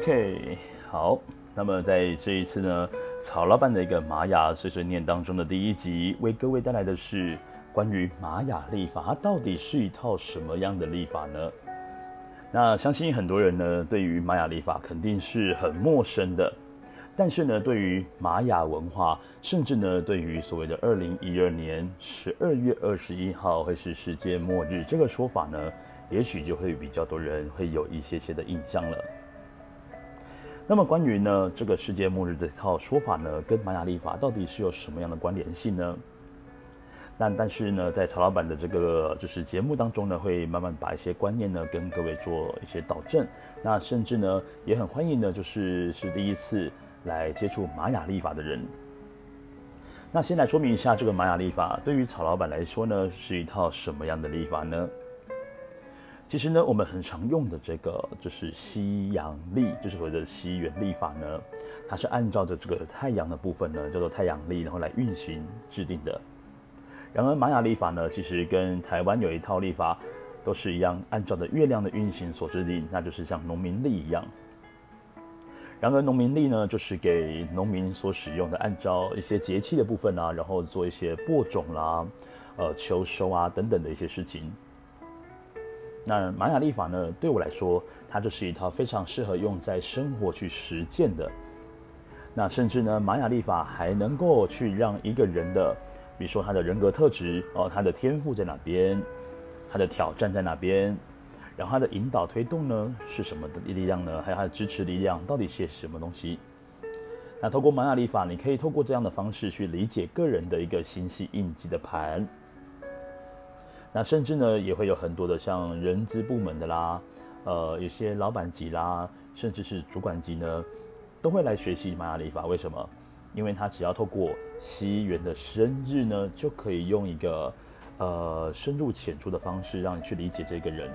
OK，好，那麼在這一次呢，曹老板的一個瑪雅碎碎念當中的第一集，為各位帶來的是關於瑪雅曆法，它到底是一套什麼樣的曆法呢？那相信很多人呢，對於瑪雅曆法肯定是很陌生的，但是呢，對於瑪雅文化，甚至呢，對於所謂的二零一二年十二月二十一號會是世界末日這個說法呢，也許就會比較多人會有一些些的印象了。那麼關於呢，這個世界末日這套說法呢，跟瑪雅曆法到底是有什麼樣的關聯性呢？但但是呢，在曹老板的這個就是節目當中呢，會慢慢把一些觀念呢跟各位做一些導正。那甚至呢，也很歡迎呢，就是是第一次來接觸瑪雅曆法的人。那先來說明一下，這個瑪雅曆法對於曹老板來說呢，是一套什麼樣的曆法呢？其實呢，我們很常用的這個就是西洋曆，就是所謂的西元曆法呢，它是按照着這個太陽的部分呢，叫做太陽曆，然後來運行制定的。然而瑪雅曆法呢，其實跟台灣有一套曆法，都是一樣按照着月亮的運行所制定，那就是像農民曆一樣。然而農民曆呢，就是給農民所使用的，按照一些節氣的部分啊，然後做一些播種啦、啊、呃秋收啊等等的一些事情。那瑪雅曆法呢？對我來說，它就是一套非常適合用在生活去實踐的。那甚至呢，瑪雅曆法還能夠去讓一個人的，比如說他的人格特質哦，他的天賦在哪邊，他的挑戰在哪邊，然後他的引導推動呢是什麼的力量呢？還有他的支持力量到底是什麼東西？那透過瑪雅曆法，你可以透過這樣的方式去理解個人的一個星系印記的盤。那甚至呢，也會有很多的像人資部門的啦，呃，有些老板級啦，甚至是主管級呢，都會來學習瑪雅曆法。為什麼？因為他只要透過西元的生日呢，就可以用一個呃深入淺出的方式讓你去理解這個人。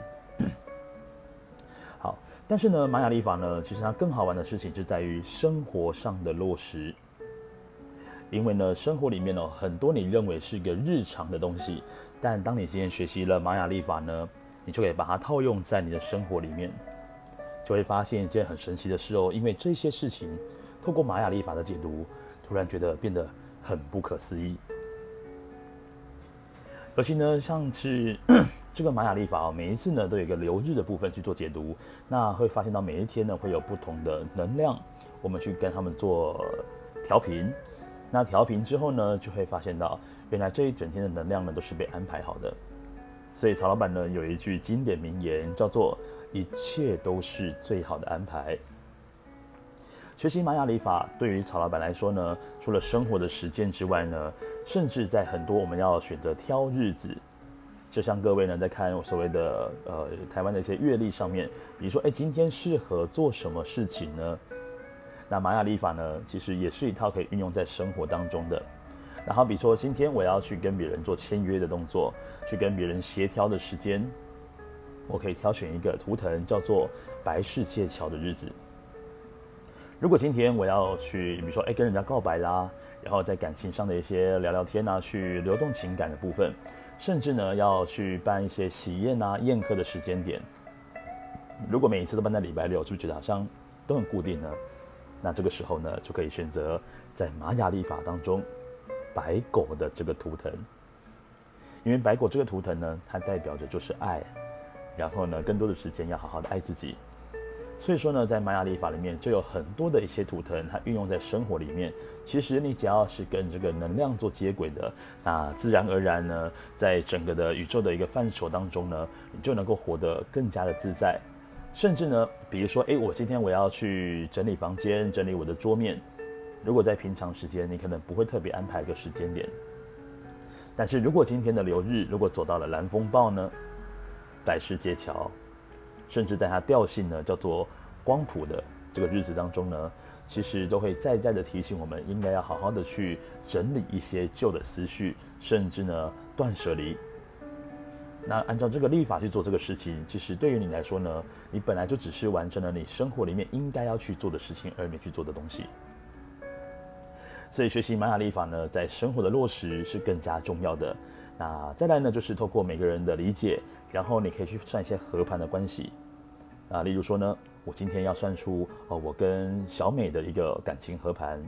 好，但是呢，瑪雅曆法呢，其實它更好玩的事情是在於生活上的落實。因為呢，生活裡面哦，很多你認為是一個日常的東西，但當你今天學習了瑪雅曆法呢，你就可以把它套用在你的生活裡面，就會發現一件很神奇的事哦。因為這些事情，透過瑪雅曆法的解讀，突然覺得變得很不可思議。尤其呢，像是這個瑪雅曆法哦，每一次呢都有一個流日的部分去做解讀，那會發現到每一天呢會有不同的能量，我們去跟他們做調頻。那調頻之後呢，就會發現到，原來這一整天的能量呢都是被安排好的。所以曹老闆呢有一句經典名言叫做“一切都是最好的安排”。學習馬雅曆法對於曹老闆來說呢，除了生活的實踐之外呢，甚至在很多我們要選擇挑日子，就像各位呢在看我所謂的呃台灣的一些月曆上面，比如說誒、欸，今天適合做什麼事情呢？那瑪雅曆法呢，其實也是一套可以運用在生活當中的。然後比如說今天我要去跟別人做簽約的動作，去跟別人協調的時間，我可以挑選一個圖騰叫做白世界橋的日子。如果今天我要去，比如說誒跟人家告白啦，然後在感情上的一些聊聊天啊，去流動情感的部分，甚至呢要去辦一些喜宴啊、宴客的時間點。如果每一次都辦在禮拜六，是不是覺得好像都很固定呢？那這個時候呢，就可以選擇在瑪雅曆法當中，白狗的這個圖騰，因為白狗這個圖騰呢，它代表着就是愛，然後呢，更多的時間要好好的愛自己。所以說呢，在瑪雅曆法裡面，就有很多的一些圖騰，它運用在生活裡面。其實你只要是跟這個能量做接軌的，那自然而然呢，在整個的宇宙的一個範疇當中呢，你就能夠活得更加的自在。甚至呢，比如說，哎，我今天我要去整理房間，整理我的桌面。如果在平常時間，你可能不會特別安排一個時間點。但是如果今天的流日，如果走到了藍風暴呢，百事皆橋，甚至在它調性呢叫做光譜的這個日子當中呢，其實都會再再的提醒我們，應該要好好的去整理一些舊的思緒，甚至呢斷舍離。那按照這個曆法去做這個事情，其實對於你來說呢，你本來就只是完成了你生活裡面應該要去做的事情而沒去做的東西。所以學習瑪雅曆法呢，在生活的落實是更加重要的。那再來呢，就是透過每個人的理解，然後你可以去算一些合盤的關係。啊，例如說呢，我今天要算出哦，我跟小美的一個感情合盤。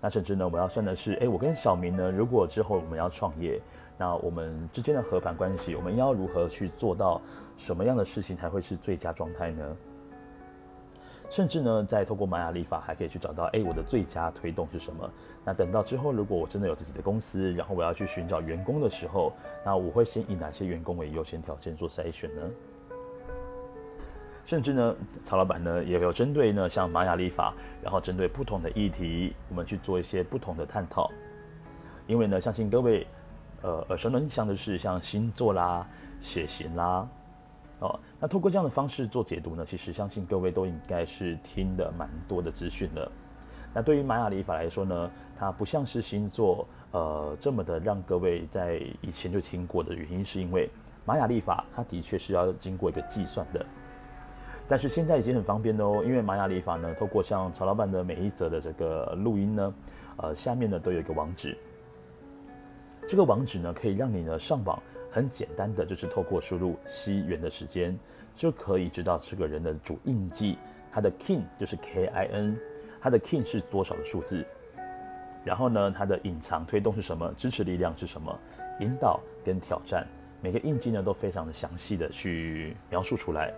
那甚至呢，我要算的是，哎，我跟小明呢，如果之後我們要創業。那我們之間的合盤關係，我們要如何去做到什麼樣的事情才會是最佳狀態呢？甚至呢，在透過瑪雅曆法還可以去找到，誒、欸，我的最佳推動是什麼？那等到之後，如果我真的有自己的公司，然後我要去尋找員工的時候，那我會先以哪些員工為優先條件做篩選呢？甚至呢，曹老闆呢也有針對呢，像瑪雅曆法，然後針對不同的議題，我們去做一些不同的探討。因為呢，相信各位。呃，耳熟能詳的是像星座啦、血型啦，哦，那透過這樣的方式做解讀呢，其實相信各位都應該是聽得蠻多的資訊了。那對於瑪雅曆法來說呢，它不像是星座，呃，這麼的讓各位在以前就聽過的原因，是因為瑪雅曆法它的確是要經過一個計算的，但是現在已經很方便的哦，因為瑪雅曆法呢，透過像曹老板的每一則的這個錄音呢，呃，下面呢都有一個網址。這個網址呢，可以讓你呢上網，很簡單的，就是透過輸入西元的時間，就可以知道這個人的主印記，它的 kin 就是 K I N，它的 kin 是多少的數字，然後呢，它的隱藏推動是什麼，支持力量是什麼，引導跟挑戰，每個印記呢都非常的詳細的去描述出來。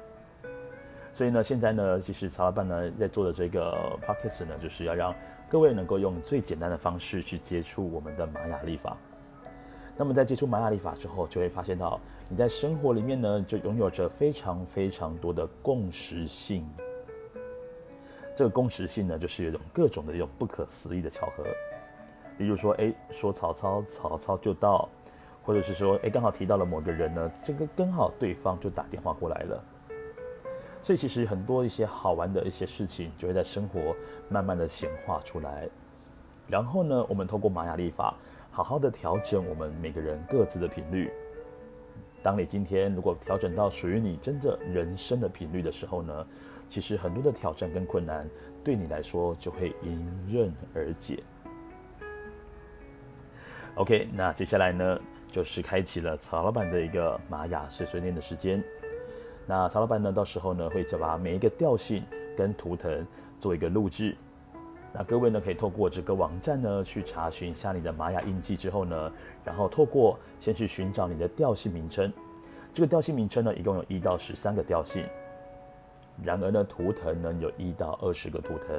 所以呢，現在呢，其實曹老板呢在做的這個 podcast 呢，就是要讓各位能夠用最簡單的方式去接觸我們的瑪雅曆法。那麼在接觸瑪雅曆法之後，就會發現到你在生活裡面呢，就擁有着非常非常多的共時性。這個共時性呢，就是有一種各種的一種不可思議的巧合，比如說，誒、欸，說曹操，曹操就到，或者是說，誒、欸，剛好提到了某個人呢，這個剛好對方就打電話過來了。所以其實很多一些好玩的一些事情，就會在生活慢慢的顯化出來。然後呢，我們透過瑪雅曆法。好好的調整我們每個人各自的頻率。當你今天如果調整到屬於你真正人生的頻率的時候呢，其實很多的挑戰跟困難對你來說就會迎刃而解。 OK，那接下來呢，就是開啟了曹老板的一個瑪雅碎碎念的時間。那曹老板呢，到時候呢，會再把每一個調性跟圖騰做一個錄製。那各位呢，可以透過這個網站呢去查詢一下你的瑪雅印記之後呢，然後透過先去尋找你的調性名稱。這個調性名稱呢，一共有一到十三個調性。然而呢，圖騰呢有一到二十個圖騰，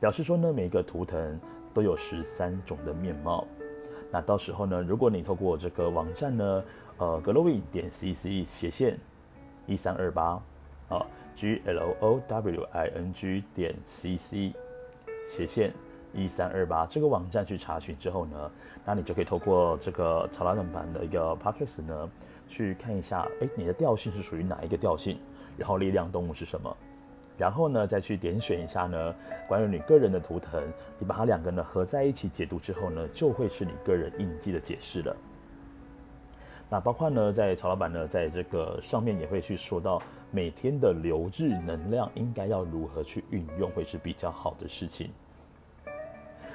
表示說呢，每一個圖騰都有十三種的面貌。那到時候呢，如果你透過這個網站呢，呃，glowing 點 cc 斜線一三二八。啊、哦、，g l o w i n g 點 c c 斜線一三二八這個網站去查詢之後呢，那你就可以透過這個查拉頓版的一個帕克斯呢，去看一下，哎、欸，你的調性是屬於哪一個調性，然後力量動物是什麼，然後呢再去點選一下呢，關於你個人的圖騰，你把它兩個呢合在一起解讀之後呢，就會是你個人印記的解釋了。那包括呢，在曹老板呢，在這個上面也會去說到每天的流置能量應該要如何去運用，會是比較好的事情。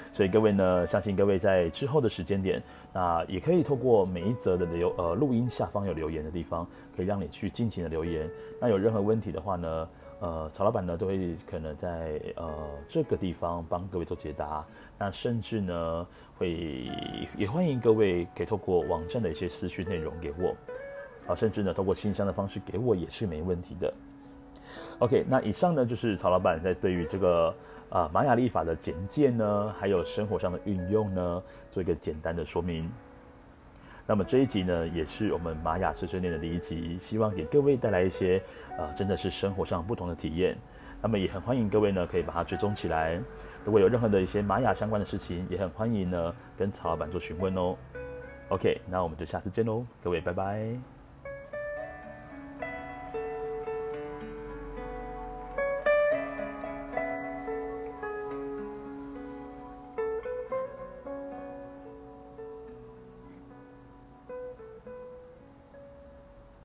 所以各位呢，相信各位在之後的時間點，那也可以透過每一則的留呃錄音下方有留言的地方，可以讓你去盡情的留言。那有任何問題的話呢？呃，曹老闆呢，都會可能在呃這個地方幫各位做解答，那甚至呢會也歡迎各位可以透過網站的一些私訊內容給我，啊，甚至呢透過信箱的方式給我也是沒問題的。OK，那以上呢就是曹老闆在對於這個啊、呃、瑪雅曆法的簡介呢，還有生活上的運用呢，做一個簡單的說明。那麼這一集呢，也是我們瑪雅碎碎念的第一集，希望給各位帶來一些，呃，真的是生活上不同的體驗。那麼也很歡迎各位呢，可以把它追蹤起來。如果有任何的一些瑪雅相關的事情，也很歡迎呢，跟曹老板做詢問哦。OK，那我們就下次見嘍，各位拜拜。